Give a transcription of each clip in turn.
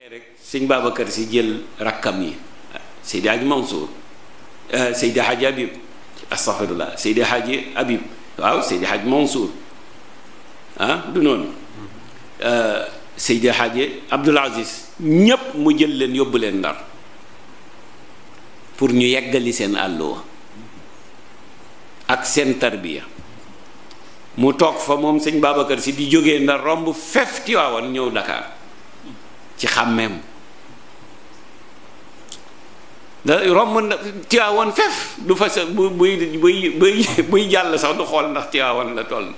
rek sëñ Babacar si jël rakkam yi Seydi Hadji Mansour eh, Seydi Hadji Habib astaghfirullah Seydi Hadji Habib waaw Seydi Hadji Mansour ah, du noonu eh, Seydi Hadji Abdoul Aziz ñépp mu jël leen yóbbu leen ndar pour ñu yeggali seen àlluwa ak seen tarbiya mu toog fa moom sëñ Babacar si di jóge ndar romb fef Tiwaawan ñëw dakaar ci xàmmeem da romb na Tiwaawan fef du fa sa bu buy buy buy buy jàll sax du xool ndax Tiwaawan la toll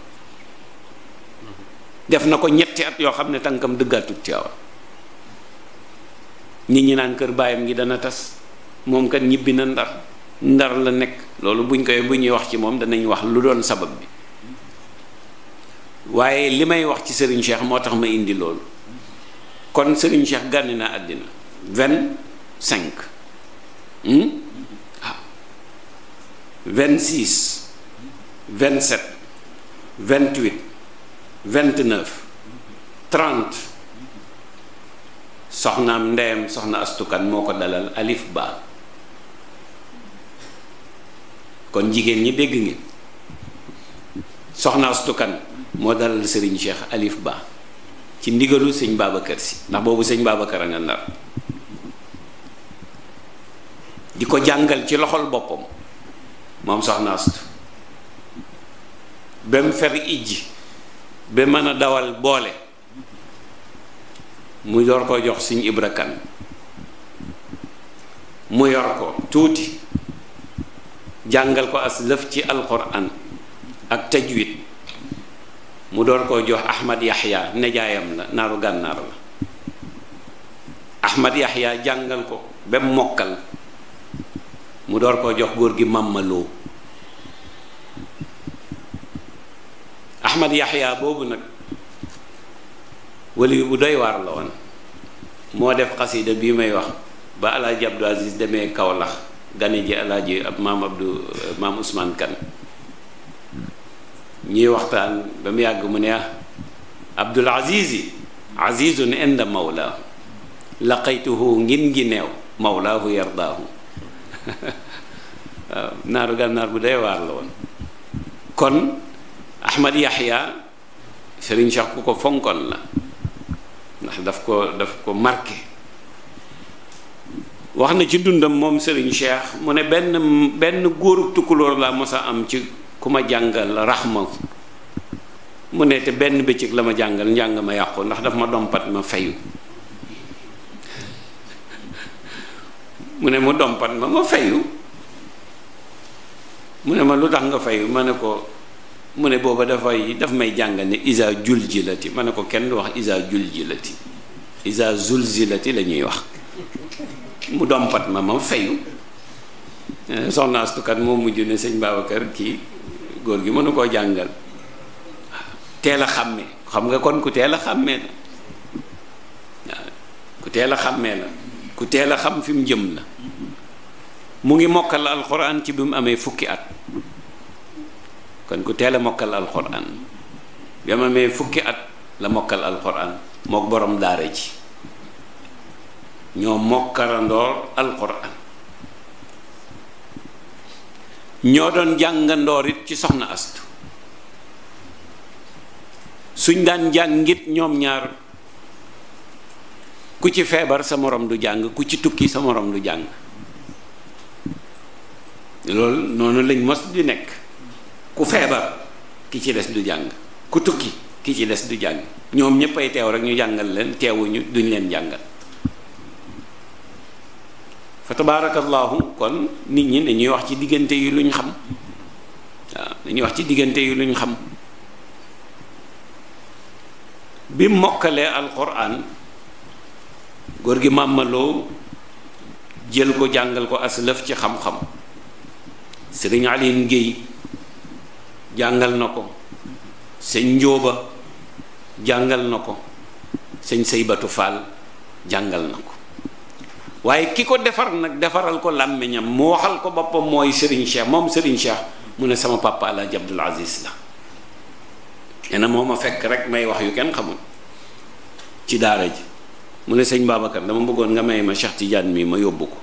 def na ko ñetti at yoo xam ne tànkam dëggaatut Tiwaawan nit ñi naan kër baayam ngi dana tas moom kat ñibbi na ndar ndar la nekk loolu buñ koy bu ñuy wax ci moom danañ wax lu doon sabab bi waaye li may wax ci Serigne Cheikh moo tax ma indi loolu kon Serigne Cheikh gànni naa àddina vingt cinq waaw hmm? ah. vingt six vingt sept vingt huit vingt neuf trente soxnaam ndeyam soxna astukan moo ko dalal alif ba kon jigéen ñi dégg ngeen soxna astukan moo dalal Serigne Cheikh alif ba ci ndigalu sëñ Babacar si ndax boobu sëñ Babacar a nga ndar di ko jàngal ci loxol boppam moom soxna Astu ba mu fer ijji ba mën a dawal boole mu yor ko jox suñ Ibra Kan mu yor ko tuuti jàngal ko as lëf ci alquran ak tajwid mu door koo jox ahmad yahya nejaayam la naaru gànnaar la ahmad yahya jàngal ko ba mu mokkal mu door koo jox góor gi màmmaloo ahmad yahya boobu nag wali bu doy waar la woon moo def xasida bii may wax ba alaaji abdou aziz demee kawlax gane ji alaaji ab maam abdou maam ousmane kan ñuy waxtaan ba mu yàgg mu ne ah abdul azizi azizun inda mawlaahu laqaytuhu ngin gi neew mawlaahu yardaahu naaru gànnaar bu dee waar la woon kon ahmad yahya sëriñ Cheikh ku ko fonkon la ndax daf ko daf ko marqué wax na ci dundam moom sëriñ Cheikh mu ne benn benn góoru tukkulóor laa mos a am ci ku ma jàngal raxma mu ne te benn bëccëg la ma jàngal njàng ma yàqu ndax daf ma dompat ma fayu mu ne mu dompat ma ma fayu mu ne ma lu tax nga fayu ma ne ko mu ne booba dafay daf may jàngal ne isa jul jilati ma ne ko kenn wax isa jul jilati isa zul zilati la ñuy wax mu dompat ma ma fayu eh, soxna astukat moo mujj ne sëñ Babacar kii góor gi mënu koo jàngal teel a xàmme xam nga kon ku teel a xàmmee la ku teel a xàmmee la ku teel a xam fi mu jëm la mu ngi mokkal alxuraan ci bi mu amee fukki at kon ku teel a mokkal alxuraan bi mu amee fukki at la mokkal alxuraan mook borom daara ji ñoo mokkarandoor alxuraan ñoo doon jàngandoorit ci soxna astu suñ daan jàngit ñoom ñaar ku ci feebar sa morom du jàng ku ci tukki sa moroom du jàng loolu noonu lañ mos di nekk ku feebar ki ci des du jàng ku tukki ki ci des du jàng ñoom ñëpp ay teew rek ñu jàngal leen teewuñu duñ leen jàngal fa tabaarakallaahu kon nit ñi dañuy wax ci diggante yi luñ xam waaw dañuy wax ci diggante yi luñ xam bi mokkalee alquran góor gi màmmaloo jël ko jàngal ko aslëf ci xam-xam sëriñ Alioune Guèye jàngal na ko sëñ Njóoba jàngal na ko sëñ Seybatu Fall jàngal na ko waaye ki ko defar nag defaral ko làmmiñam mu waxal ko boppam mooy Serigne Cheikh moom Serigne Cheikh mu ne sama papa Alaaji Abdul Aziz la nee moo ma fekk rek may wax yu kenn xamul ci daara ji mu ne sëñ Babacar dama bëggoon nga may ma Cheikh tiijan mii ma yóbbu ko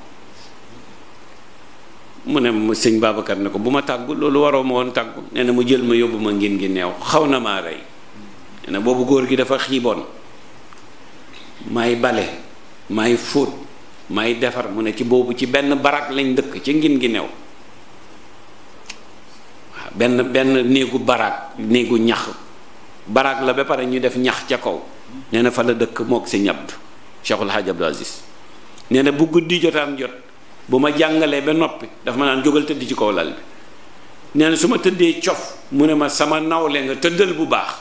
mu ne ma sëñ Babacar ne ko bu ma tàggu loolu waroo ma woon tàggu nee na mu jël ma yóbbu ma ngin gi neew xaw na maa rey nee na boobu góor gi dafa xiiboon may bale may fóot may defar mu ne ci boobu ci benn barak lañ dëkk ci ngin ngi new benn benn néegu barak néegu ñax barak la ba pare ñu def ñax ca kaw nee na fa la dëkk mook si ñabd Cheikhul Hadj Abdou Aziz nee na bu guddi jotaan jot bu ma jàngalee ba noppi dafa ma naan jógal tëdd ci kaw lal bi nee su ma tëddee cof mu ne ma sama nawle nga tëddal bu baax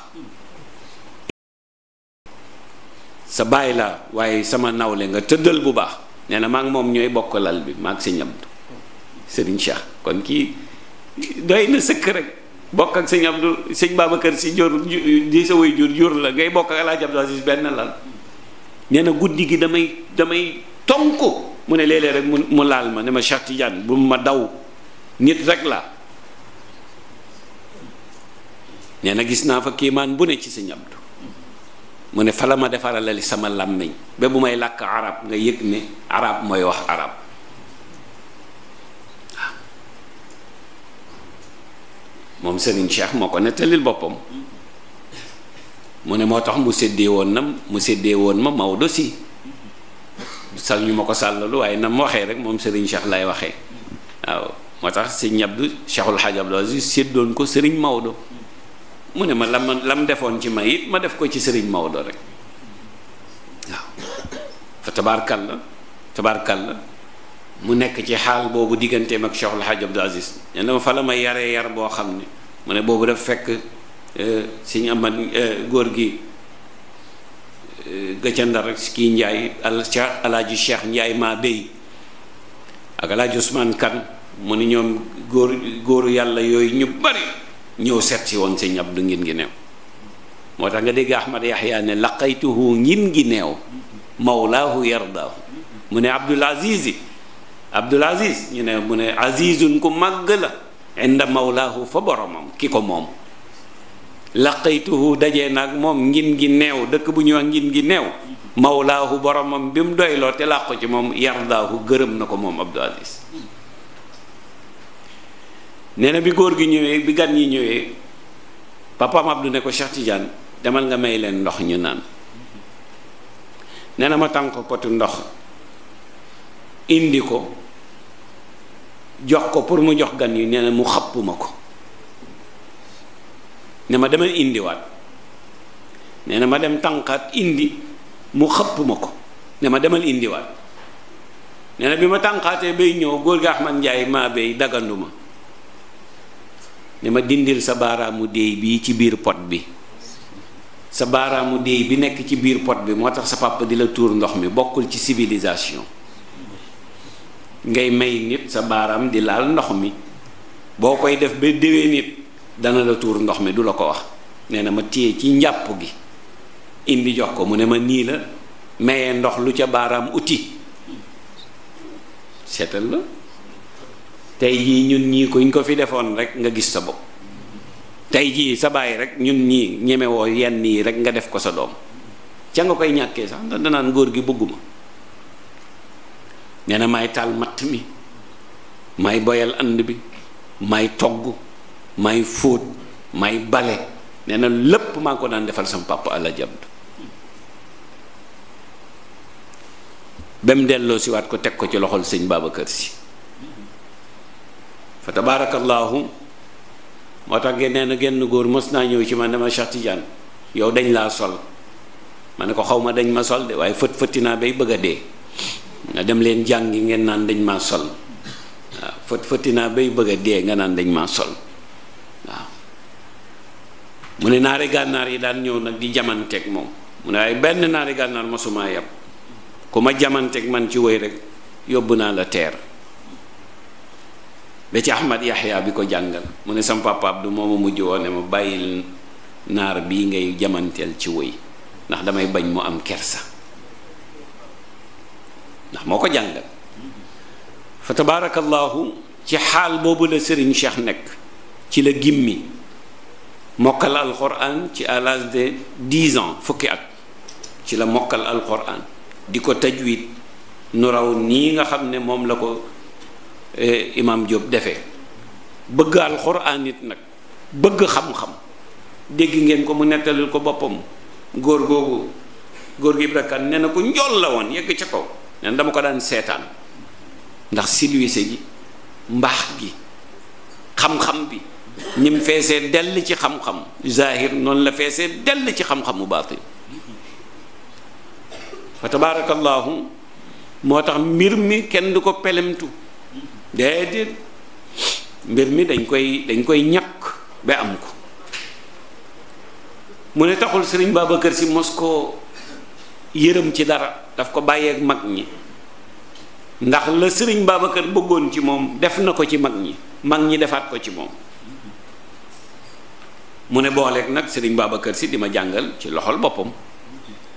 sa bàyyi la waaye sama nawle nga tëddal bu baax nee na maa moom ñooy bokk lal bi maa ngi sëñ sëriñ Cheikh kon kii doy na sëkk rek bokk ak sëñ Abdou sëñ si jor di sa jur jur la ngay bokk ak El Hadj Abdou benn lal nee na guddi gi damay damay tonk mu ne léeg-léeg rek mu laal ma ne ma Cheikh Tidiane bu ma daw nit rek la nee na gis naa fa kéemaan bu ne ci sëñ Abdou mu ne fala ma defaralali sama làmmiñ ba bu may làkk arab nga yëg ne arab mooy wax arab moom Serigne Cheikh moo ko nettalil boppam mu ne moo tax mu séddee woon na mu séddee woon ma Maodo si sal ñu ma ko sàllalu waaye na mu waxee rek moom Serigne Cheikh lay waxee waaw moo tax si ñabdu Cheikhul Hadj Abdou Aziz séddoon ko Serigne Maodo mu ne ma lam lam defoon ci may it ma def ko ci sëriñ Maodo rek waaw fa tabaarkalla tabaarkalla mu nekk ci xaal boobu digganteem ak Cheikh El Hadj Abdou Aziz ne dama fa la ma yaree yar boo xam ne mu ne boobu daf fekk eh, sëñ Amad eh, góor gi eh, gëcca Ndar rek si kii njaay al Cheikh Alaaji Cheikh maa béy ak Alaaji Ousmane Kan mu ne ñoom góor góoru yàlla yooyu ñu bari ñëw set woon sëñ Abdu ngin gi neew moo tax nga dégg Ahmad Yahya ne laqaytuhu ngin gi neew mawlaahu yardaahu mu ne Abdul Aziz Abdul Aziz ñu ne mu ne azizun ku màgg la inda mawlaahu fa boromam ki ko moom laqaytuhu dajee nag moom ngin gi neew dëkk bu ñuy wax ngin gi neew mawlaahu boromam bi mu doyloo te làqu ci moom yardaahu gërëm na ko moom Abdul Aziz nee na bi góor gi ñëwee bi gan ñi ñëwee papaam Abdou ne ko Cheikh Tidiane demal nga may leen ndox ñu naan nee na ma tànk pot ndox indi ko jox ko pour mu jox gan yi nee na mu xapp ko ne ma demal indiwaat nee na ma dem tànkaat indi mu xëppuma ko ne ma demal indiwaat nee na bi ma tànqaatee bay ñëw góor gi Ahmad Njaay maa bay dagganduma ni ma dindil sa baaraamu déey bii ci biir pot bi sa baaraamu déey bi nekk ci biir pot bi moo tax sa papa di la tuur ndox mi bokkul ci civilisation ngay may nit sa baaraam di laal ndox mi boo koy def ba déwee nit dana la tuur ndox mi du la ko wax nee na ma téye ci njàpp gi indi jox ko mu ne ma nii la maye ndox lu ca baaraam uti seetal la tey jii ñun ñii kuñ ko fi defoon rek nga gis sa bopp tey jii sa baay rek ñun ñii ñemewoo yenn yi rekk nga def ko sa doom ca nga koy ñàkkee sax ndax danaan góor gi bëgguma nee na maay taal matt mi maay boyal ànd bi maay togg maay fóot maay bale nee na lépp maa ko daan defal sama papa ala Abdu ba mu delloo waat ko teg ko ci loxol sëñ Babacar Si fa tabaarakallaahu moo tax nee na genn góor mos naa ñëw ci man dama Cheikh Tidiane yow dañ laa sol ma ne ko xaw ma dañ ma sol de waaye fët fëtti naa bay bëgg a dee nga dem leen jàngi ngeen naan dañ maa sol waaw fët bay bëgg a nga naan dañ maa sol mu ne naari gànnaar yi daan ñëw nag di jamanteeg moom mu ne waaye benn naari gànnaar masumaa yab ku ma jamanteeg man ci woy rek yóbbu naa la teer ba ci Ahmad Yahya bi ko jàngal mu ne sam du moo mooma mujj woon ne ma bàyyil naar bii ngay jamanteel ci woy ndax damay bañ mu am kersa ndax moo ko jàngal fa tabaarakallaahu ci xaal boobu la Serigne Cheikh nekk ci la gimmi mokkal alquran ci à l'âge de dix ans fukki at ci la mokkal alquran di ko tajwid nu raw nii nga xam ne moom la ko Eh, imaam Diop defe bëgg alxuraan it nag bëgg xam-xam dégg ngeen ko mu nettalil ko boppam góor googu góor gi Ibra Kane nee na ko njool la woon yegg ca kaw nee dama ko daan seetaan ndax silwise gi mbaax gi xam-xam bi ni feesee dell ci xam-xam zahir noonu la feesee dell ci xam-xamu baatin fa tabaarakallaahu moo tax mbir mi kenn du ko pelemtu déedéet mbir mi dañ koy dañ koy ñàkk ba am ko mu ne taxul sëriñ kër si mos koo yërëm ci dara daf ko bàyyeek mag ñi ndax la sëriñ Babacar bëggoon ci moom def na ko ci mag ñi mag ñi defaat ko ci moom mu ne booleeg nag sëriñ kër si di ma jàngal ci loxol boppam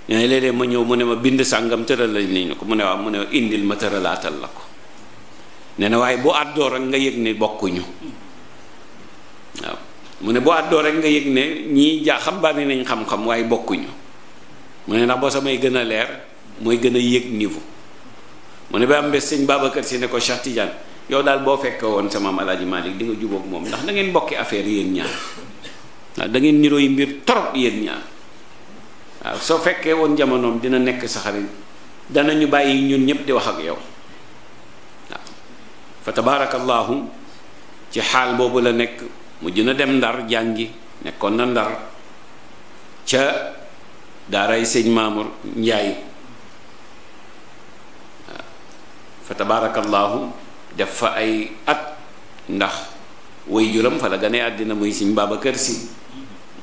ñaane léeg-léeg ma ñëw mu ne ma bind sàngam tëral lañ ko mu ne waaw mu ne indil ma tëralaatal la ko nee na waaye boo àddoo rek nga yëg ne bokkuñu waaw mu ne boo àddoo rek nga yëg ne ñii jaa xam bari nañ xam-xam waaye bokkuñu mu ne ndax boo samay gën a leer mooy gën a yëg niveau mu ne ba am bés sëñ Babacar si ne ko Cheikh Tidiane yow daal boo fekkee woon sama Alaaji Malick di nga jubóog moom ndax da ngeen bokki affaire yéen ñaar waaw da ngeen niroo yi mbir trop yéen ñaar waaw soo fekkee woon jamonoom dina nekk sa xarit danañu bàyyi ñun ñëpp di wax ak yow fa tabaarakallaahu ci xaal boobu la nekk mu jën a dem ndar jàngi nekkoon na ndar ca daaray sëñ Maamur Njaay fa tabaarakallaahu def fa ay at ndax way juram fa la gane àddina muy sëñ Babacar Si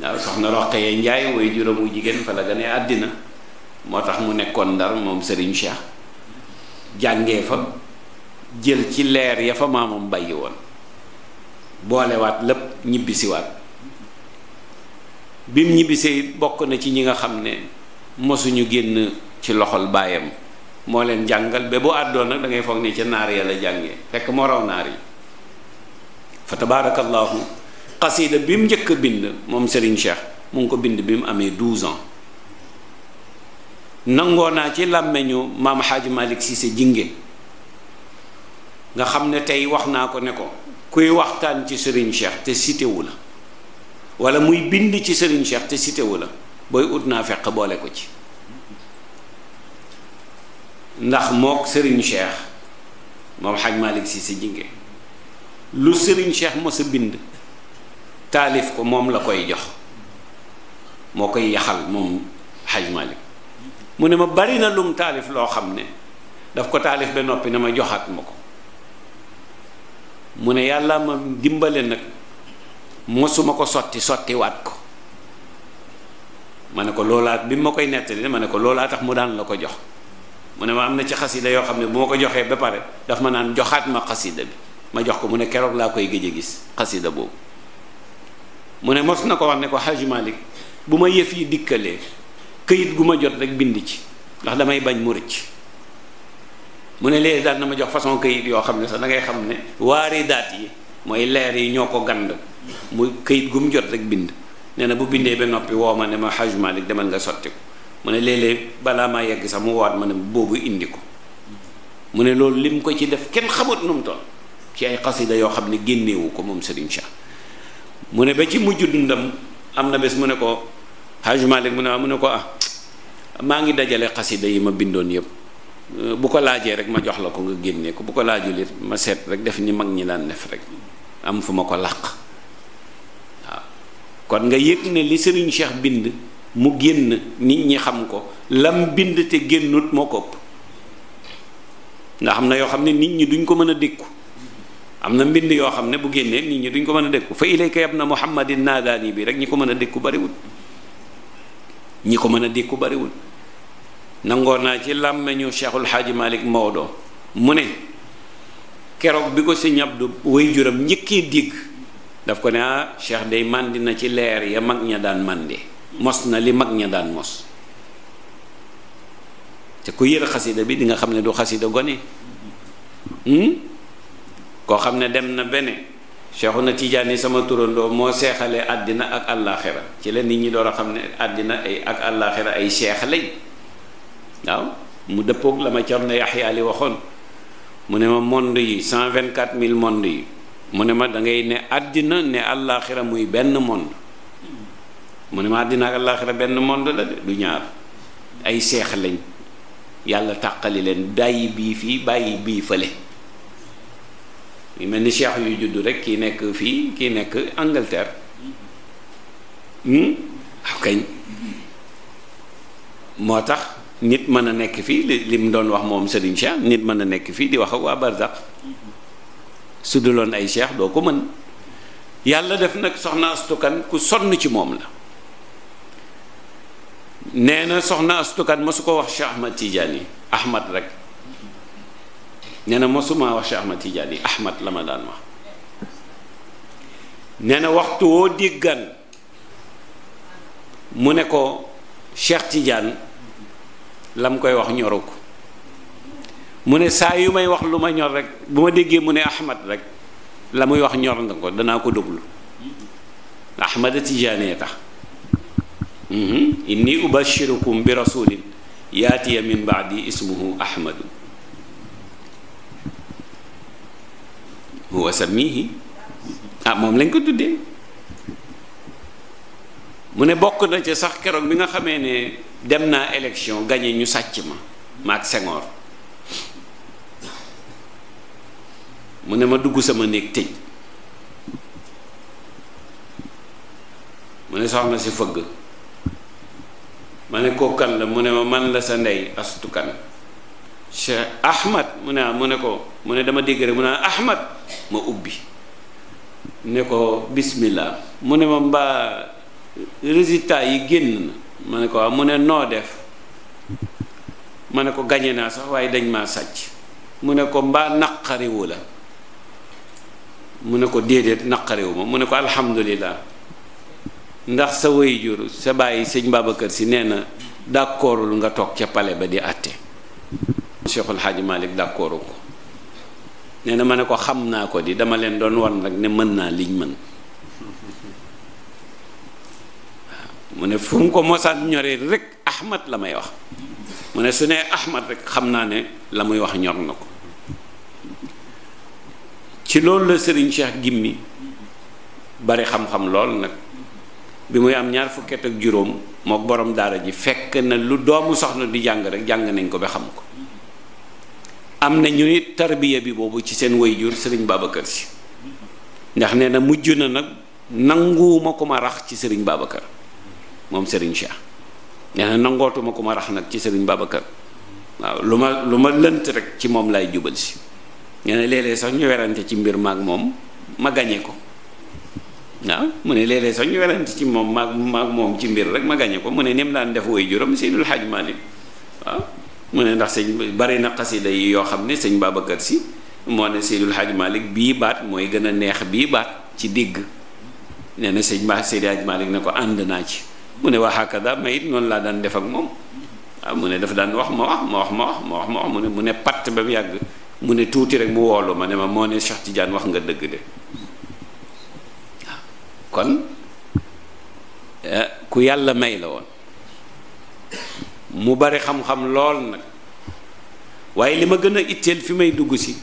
waaw soxna Roqaya Njaay way juram wu jigéen fa la gane àddina moo tax mu nekkoon ndar moom Serigne Cheikh jàngee fa jël ci leer ya fa maamam bàyyi woon boolewaat lépp ñibbisiwaat bim ñibbisee bokk na ci ñi nga xam ne mosuñu génn ci loxol baayam moo leen jàngal ba bu àddoon nag da ngay foog ne ca naar ya la jàngee fekk moo raw naar yi fa tabaarakallaahu xasiida bi mu njëkk bind moom Serigne Cheikh mu ngi ko bind bi mu amee 12 ans nangoo naa ci làmmeñu maam Xaaji Malick Cissé jinge nga xam ne tey wax naa ko ne ko kuy waxtaan ci Serigne Cheikh te citewu la wala muy bind ci Serigne Cheikh te citewu la booy ut naa fekk boole ko ci ndax mook Serigne Cheikh moom xaj Malick si sa jinge lu sëriñ Cheikh mos a bind taalif ko moom la koy jox moo koy yaxal moom xaj Malick mu ne ma bari na lum taalif loo xam ne daf ko taalif be noppi ne ma joxaat ma ko mu ne yàlla ma dimbale nag mosuma ko sotti sottiwaat ko ma ne ko loolaat bi ma koy nettali ma ne ko loolaa tax mu daan la ko jox mu ne ma am na ci xasida yoo xam ne bu ma ko joxee ba pare daf ma naan joxaat ma xasida bi ma jox ko mu ne keroog laa koy gëj a gis xasida boobu mu ne mos na ko wax ne ko Hajj Malik bu ma yëf yi dikkalee këyit gu ma jot rek bind ci ndax damay bañ mu rëcc mu ne léegi daal na ma jox façon kayit yoo xam ne sax da ngay xam ne waari daat yi mooy leer yi ñoo ko gànd mu këyit gu jot rek bind nee na bu bindee ba noppi woo ma ne ma Hajj demal nga sotti mu ne léeg balaa maa yegg sax mu ma ne boobu indi ko mu ne loolu lim ko ci def kenn xamut nu mu toll ci ay xasida yoo xam ne génnewu ko moom Serigne Cheikh mu ne ba ci mujj dundam am na bés mu ne ko Hajj mu ne ah mu ne ko ah maa ngi dajale xasida yi ma bindoon yëpp bu ko laajee rek ma jox la ko nga génnee ko bu ko laajul it ma seet rek def ni mag ñi daan def rek am fu ma ko làq waaw kon nga yëg ne li Serigne Cheikh bind mu génn nit ñi xam ko lam bind te génnut moo ko ëpp ndax na yoo xam ne nit ñi duñ ko mën a dékku am na mbind yoo xam ne bu génnee nit ñi duñ ko mën a dékku fa ilayka yab na muhammadin naadaani bi rek ñi ko mën a dékku bariwul ñi ko mën a dékku bariwul nangoon naa ci làmmeñu Cheikhul Xaaji Malik Maodo mu ne keroog bi ko Sëñ Abdu way juram njëkkee digg daf ko ne ah Cheikh day màndi ci leer ya mag ña daan màndi mos na li mag ña daan mos te ku yër xasida bi di nga xam ne du xasida gone hmm? koo xam ne dem na bene Seexu na tiijaan yi sama turandoo moo seexale àddina ak àllaaxira ci la nit ñi door a xam ne àddina ay ak àllaaxira ay seex lañ waaw mu dëppoog la ma Cerno Yaxya Ali waxoon mu ne ma monde yi cent vingt quatre mille monde yi mu ne ma dangay ne àddina ne àllaaxira muy benn monde mu ne ma àddina ak benn monde la de du ñaar ay seex lañ yàlla tàqali leen bàyyi bii fii bàyyi bii fële mel ni seex yu juddu rek ki nekk fii kii nekk Angleterre hmm? waaw kañ moo tax nit mën a nekk fii li mu doon wax moom Serigne Cheikh nit mën a nekk fii di wax ak waa Barzak su duloon ay cheikh doo ko mën yàlla def nag soxna astukan ku sonn ci moom la nee na soxna astukan mosu ko wax ma Ahmad yi Ahmad rek nee na mosuma wax ma Ahmad yi Ahmad la ma daan wax nee na waxtu woo diggan mu ne ko Cheikh tiijaan la mu koy wax ñoru mu ne saa yu may wax lu ma ñor rekk bu ma déggee mu ne ahmad rekk la muy wax ñor na ko danaa ko déglu ahmada tijaanee tax mhm. inni ubashirukum bi rasulin yaatiya min baadi ismuhu ahmadu huwa samihi ah moom lañ ko tuddee mu ne bokk na ci sax keroog bi nga xamee ne dem naa élection gagné ñu sàcc ma ma ak Senghor mu ne ma dugg sama néeg tëj mu ne soxna si fëgg ma ne kooku kan la mu ne ma man la sa ndey astu kan Ahmad mu ne ah, mu ne ko mu ne dama dégg mu ne ah, Ahmad ma ubbi ne ko bismillah mu ne ma mbaa résultat yi génn na ma ne ko waaw ah, mu ne noo def ma ne ko gañe naa sax waaye dañ maa sàcc mu ne ko mbaa naqariwu la mu ne ko déedéet naqariwu ma mu ne ko alhamdulillah ndax sa waajur sa bàyyi sëñ Babacar si nee na d'accordul nga toog ca pale ba di àtte Cheikhul Hadji Malick d'accordu ko nee na ma ne ko xam naa ko di dama leen doon wan nag ne mën naa liñ mën mu ne fu mu ko mosaan ñoree rek ahmad la may wax mu ne su nee ahmad rek xam naa ne la muy wax ñor na ko ci loolu la sëriñ Cheikh Gimmi bari xam-xam lool nag bi muy am ñaar fukket ak juróom mook borom daara ji fekk na lu doomu soxna di jàng rek jàng nañ ko bi xam ko am na ñu nit tarbiya bi boobu ci seen way jur sëriñ Babacar si ndax nee na mujj na nag nanguwuma ko ma rax ci sëriñ Babacar moom Serigne Cheikh nee na nangootuma ku ma rax nag ci Serigne Babacar waaw lu ma lu ma lënt rek ci moom laay jubal si nee na sax ñu werante ci mbir maag moom ma ko waaw mu ne léeg-léeg sax ci moom maag maag moom ci mbir rek ma gañe ko mu ne nim mu daan def woy juróom Seydul Xaaj Maalik waaw mu ne ndax sëñ bari na xasida yi yoo xam ne sëñ Babacar si moo ne Seydul Xaaj Maalik bii baat mooy gën a neex bii baat ci digg nee na sëñ Ba Seydi Xaaj Maalik ne ko ànd naa ci mu ne waxaakada ma it noonu laa daan def ak moom waaw ah, mu ne dafa daan wax ma wax ma wax ma wax ma wax mu ne mu ne patt ba mu yàgg mu ne tuuti rek mu woolu ma ne ma moo ne Cheikh Tidiane wax nga dëgg de ah, kon eh, ku yàlla may la woon mu bari xam-xam lool nag waaye li ma gën a itteel fi may dugg si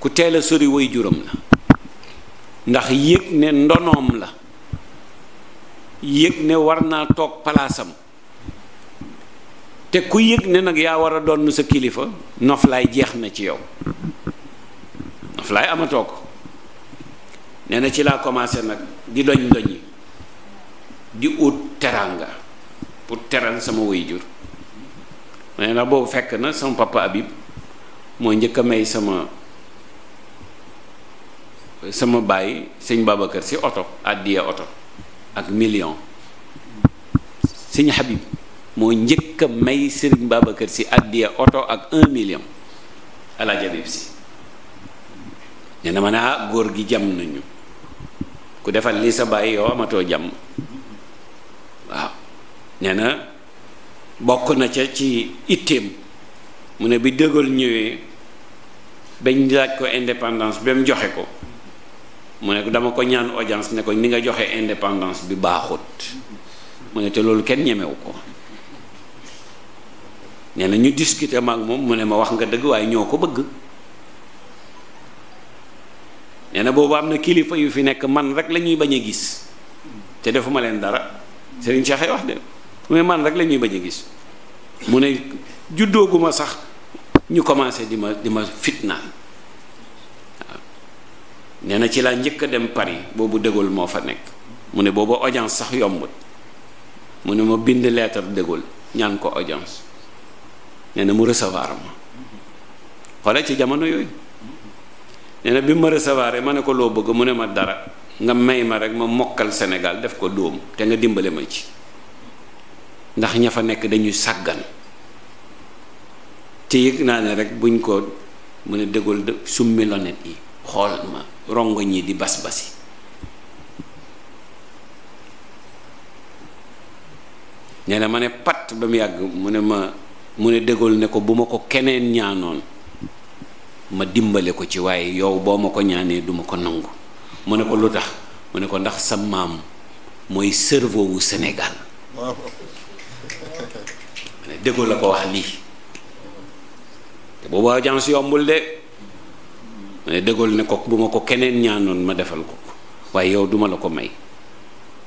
ku teel a sori way juram la ndax yëg ne ndonoom la yëg ne war naa toog palaasam te ku yëg ne nag yaa war a doon sa kilifa noflaay jeex na ci yow noflaay amatoo ko nee na ci laa commencé nag di doñ doñi di ut teranga pour teral sama waajur ne na boobu fekk na sama papa Habib moo njëkk a may sama sama baay sëñ Babacar si oto àddiya oto ak million sëñ Habib moo njëkk a may Serigne Babacar si addiya oto ak un million alaaj Habib si ne na ah góor gi jam nañu ku defal li sa bàyyi yow amatoo jàmm waaw nee na bokk na ca ci itteem mu ne bi dëggal ñëwee bañ laaj ko indépendance ba mu joxe ko mu ne dama ko ñaan audience ne ko ni nga joxe indépendance bi baaxut mu ne te loolu kenn ñemewu ko nee na ñu discuter ma moom mu ne ma wax nga dëgg waaye ñoo ko bëgg nee na boobu am na kilifa yu fi nekk man rek la ñuy bañ a gis te defuma leen dara Serigne Cheikh wax de mu ne man rek la ñuy bañ a gis mu ne juddooguma sax ñu commencé di ma di ma fitnaan nee na ci laa njëkk a dem Paris boobu De moo fa nekk mu ne boobu audience sax yombut mu ne ma bind lettre De Gaulle ñaan ko audience nee na mu recevoir ma xoolee ci jamono yooyu nee na bi ma recevoir ma ne ko loo bëgg mu ne ma dara nga may ma rek ma mokkal senegal def ko dóom te nga dimbali ma ci ndax ña fa nekk dañuy sàggan te yëg naa ne rek buñ ko mu ne De Gaulle summi lonet yi xool ma rongo ñi di bas basi nee ma ne pat ba mu yàgg mu ne ma mu ne dëggool ne ko bu ma ko keneen ñaanoon ma dimbale ko ci waaye yow boo ma ko ñaanee duma ko nangu mu ne ko lu tax mu ne ko ndax sa maam mooy cerveau wu Sénégal ma ne dëggool la ko wax lii te boobu agence yombul de mu eh, ne de ne ko bu ma ko keneen ñaanoon ma defal ko waaye yow duma la ko may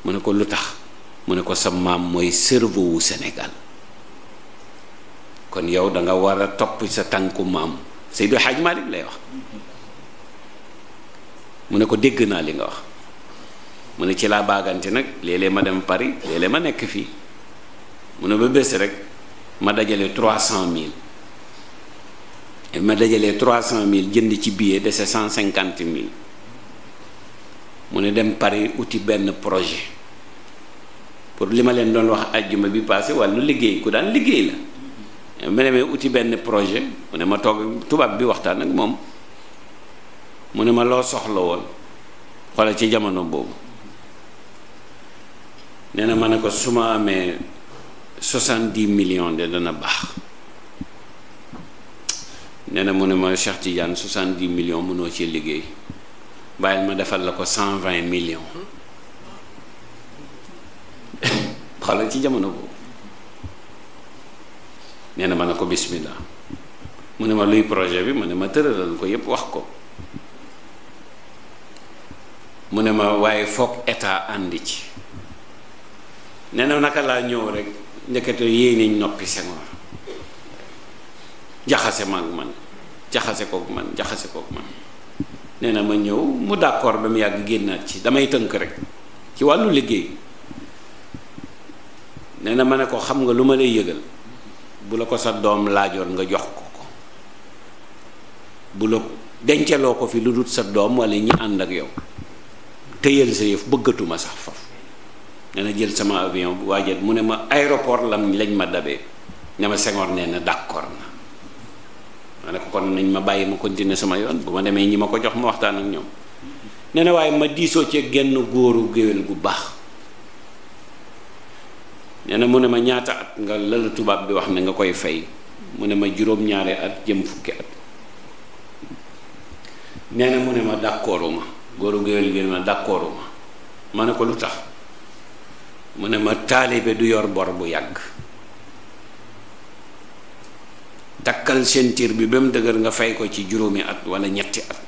mu ne ko lu tax mu ne ko sa maam mooy cerveau wu Sénégal kon yow danga war a topp sa tànku maam Seydi Hadj Malick lay wax mu ne ko dégg naa li nga wax mu ne ci laa baagante nag léeg ma dem Paris léeg ma nekk fii mu ne ba bés rek ma dajale trois cent mille ma dajalee trois cent mille jënd ci billet dese cent cinquante mille mu ne dem Paris uti benn projet pour li ma leen doon wax ajjuma bi passé wàllu liggéey ku daan liggéey la. ma uti benn projet mu ne ma toog tubaab bi waxtaan ak moom mu ne ma loo soxla woon xoolal ci jamono boobu nee na ma ne ko su ma amee soixante-dix millions de dana baax. nee na mu ne ma Cheikh Tidiane soixante-dix millions mënoo ci liggéey bàyyil ma defal la ko cent vingt millions xoolal ci jamono boobu nee na ma ne ko bismillah mu ne ma luy projet bi ma ne ma tëralal ko yépp wax ko mu ne ma waaye foog état àndi ci nee na naka laa ñëw rek ndekete yéey nañ noppi Senghor jaxase maag man jaxase kook man jaxase kook man nee na ma ñëw mu d'accord ba mu yàgg génnaat ci damay tënk rek ci wàllu liggéey nee na ma ne ko xam nga lu ma lay yëgal bu la ko sa doom laajoon nga jox ko ko bu la denceloo ko fi lu dul sa doom walla ñi ànd ak yow tëyal sa yëf bëggatuma sax faf nee na jël sama avion waajet mu ne ma aéroport la lañ ma dabee ne ma Senghor nee na d'accord ma ne ko kon nañ ma bàyyi ma ko continuer sama yoon bu ma demee ñi ma ko jox ma waxtaan ak ñoom nee na waaye ma diisoo ci genn góoru géwél gu baax nee mu ne ma ñaata at nga lal tubaab bi wax ne nga koy fay mu ne ma juróom-ñaari at jëm fukki at nee mu ne ma ma góoru géwél gi ma d'accorduma ma ne ko lu tax mu ne ma taalibe du yor bor bu yàgg takkal ceinture bi ba mu dëgër nga fay ko ci juróomi at wala ñetti at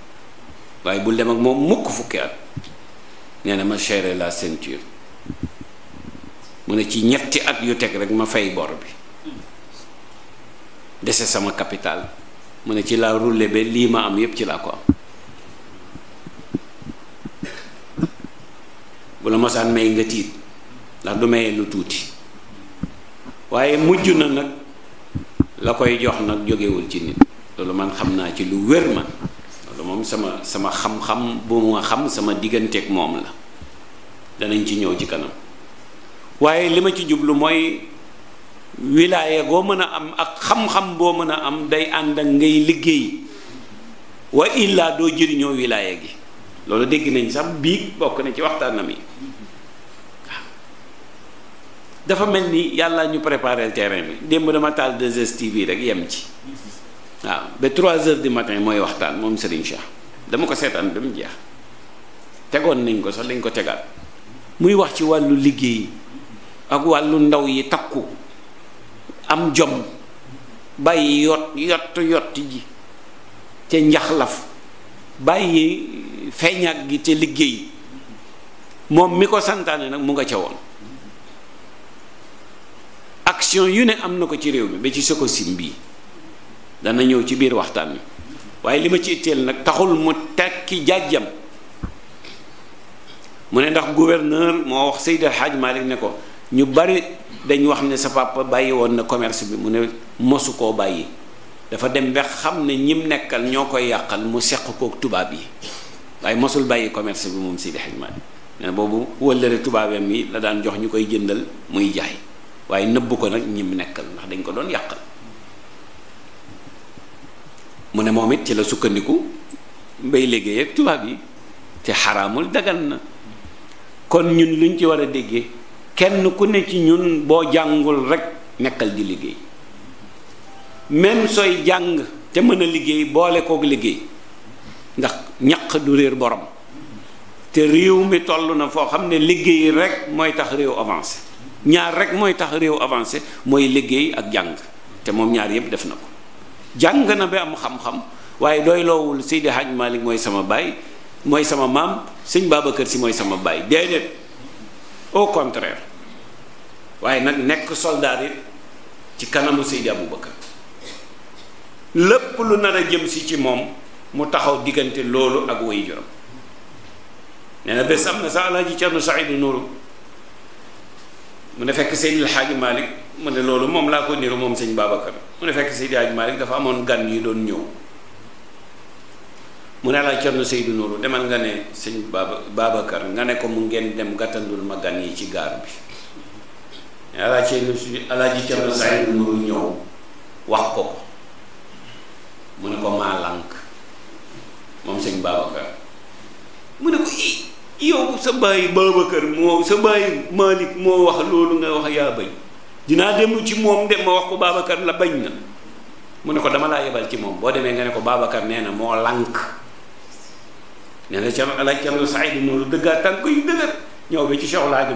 waaye bul dem ak moom mukk fukki at nee na ma serré la ceinture mu ne ci ñetti at yu teg rek ma fay bor bi dese sama capital mu ne ci laa roulé ba lii ma am yépp ci laa ko am bu la mosaan may nga tiit ndax du mayee lu tuuti waaye mujj na nag la koy jox nag jógewul ci nit loolu man xam naa ci lu wér man loolu moom sama sama xam-xam bu ma xam sama digganteeg moom la danañ ci ñëw ci kanam waaye li ma ci jublu mooy wilaaya goo mën a am ak xam-xam boo mën a am day ànd ak ngay liggéey wa illaa doo jëriñoo wilaaya gi loolu dégg nañ sax biig bokk na ci waxtaanam yi dafa mel ni yàlla ñu préparé terrain bi démb dama taal 2STV rek yem ci waaw ba 3 heures du matin mooy waxtaan moom Serigne Cheikh dama ko seetaan ba mu jeex tegoon nañ ko sax dañ ko tegaat muy wax ci wàllu liggéey ak wàllu ndaw yi takku am jom bàyyi yot yott yott ji ca njaxlaf bàyyi feeñaat gi ci liggéey moom mi ko santaane nag mu nga ca woon action yu ne am na ko ci réew mi ba ci Sococim bii dana ñëw ci biir waxtaan wi waaye li ma ci itteel nag taxul mu tekki jàjjam mu ne ndax gouverneur moo wax Seydi El Hadj Malick ne ko ñu bari dañ wax ne sa papa bàyyi woon na commerce bi mu ne mosu koo bàyyi dafa dem ba xam ne ñim nekkal ñoo koy yàqal mu seq kook tubaab yi waaye mosul bàyyi commerce bi moom Seydi El ne boobu wëllëre tubaabeem yi la daan jox ñu koy jëndal muy jaay waaye nëbbu ko nag ñim nekkal ndax dañ ko doon yàqal mu ne moom it ci la sukkandiku mbay liggéey ak tubaab yi te xaramul dagan na kon ñun luñ ci war a déggee kenn ku ne ci ñun boo jàngul rekk nekkal di liggéey même sooy jàng te mën a liggéey boole kook liggéey ndax ñaq du réer borom te réew mi toll na foo xam ne liggéey rek mooy tax réew avancé ñaar rek mooy tax réew avancé mooy liggéey ak jàng te moom ñaar yëpp def na ko jàng na bi am xam-xam waaye doy loowul Seydi Hadj Malick mooy sama baay mooy sama maam sëñ baaba kër Si mooy sama baay déedéet au contraire waaye nag nekk soldat it ci kanamu Seydi Aboubacar lépp lu nar a jëm si ci moom mu taxaw diggante loolu ak woy juram nee na bés am na sa alaaji Cerno Saïdu Nuuru mu ne fekk Seydil Hadji Malick mu ne loolu moom laa ko niru moom sëñ Babacar mu fekk Seydil Hadji Malick dafa amoon gan yu doon ñëw mu ne laa Cerno Seydou Nourou demal nga ne sëñ Baba Babacar nga ne ko mu ngeen dem gàttandul ma gan yi ci gaar bi alaa Cerno alaaji Cerno Seydou ñëw wax ko ko mu ne ko maa lànk moom sëñ Babacar mu ne ko i eh, yow sa bàyyi Babacar moo sa bàyyi Malick moo wax loolu nga wax yaa bañ dinaa dem ci moom dem ma wax ko Babacar la bañ na mu ne ko dama laa yebal ci moom boo demee nga ne ko Babacar nee na moo lànk nee na ca alaaj Cerno Saïd noonu dëggaat tànk ci Cheikh Alaaji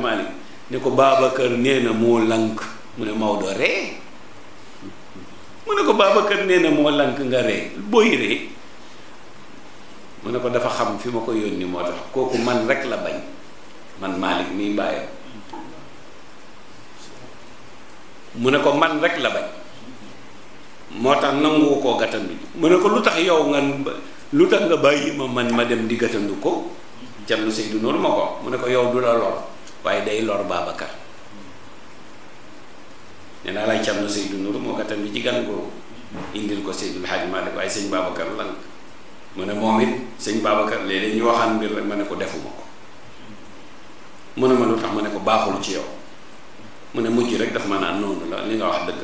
ne ko Babacar nee na moo lànk mu ne Maodo ree mu ne ko Babacar nee na moo lànk nga ree booy ree mu ne ko dafa xam fi ma ko yónni moo tax kooku man rek la bañ man Malick mii bàyyi mu ne ko man rek la bañ moo tax nangu koo gàttandu mu ne ko lu tax yow nga lu tax nga bàyyi ma man ma dem di gàttandu ko Thierno Seydou noonu ma ko mu ne ko yow du la lor waaye day lor Babacar nee naa laay Thierno Seydou Nour moo gàttandu ci gan googu indil ko Seydou El Hadj Malick waaye sëñ Babacar lan mu ne moom it sëñ Babacar léeg-léeg ñu waxaan mbir rek ma ne ko defuma ko mu ne ma lu tax ma ne ko baaxul ci yow mu ne mujj rek daf ma naan noonu la li nga wax dëgg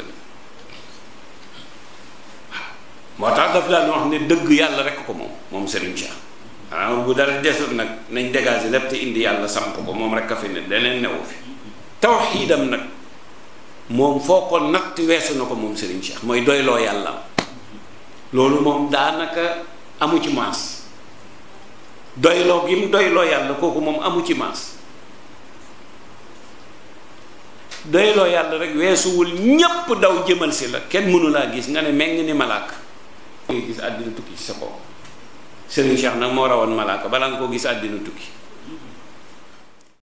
la moo tax daf daal wax ne dëgg yàlla rekk ko moom moom Serigne Cheikh ah bu dara nag nañ dégager lépp te indi yàlla samp ko moom rek a fi ne leneen newu fi tawxiidam nag moom foo ko natt weesu ko moom Serigne Cheikh mooy doyloo yàlla loolu moom daanaka amu ci maas doyloo gi mu doyloo yàlla kooku moom amu ci maas doyloo yàlla rek weesuwul ñépp daw jëmal si la kenn mënulaa gis nga ne meng ni malaak nga gis àddina tukki ci sa kaw Serigne Cheikh nag moo rawoon malaaka balaa nga koo gis àddina tukki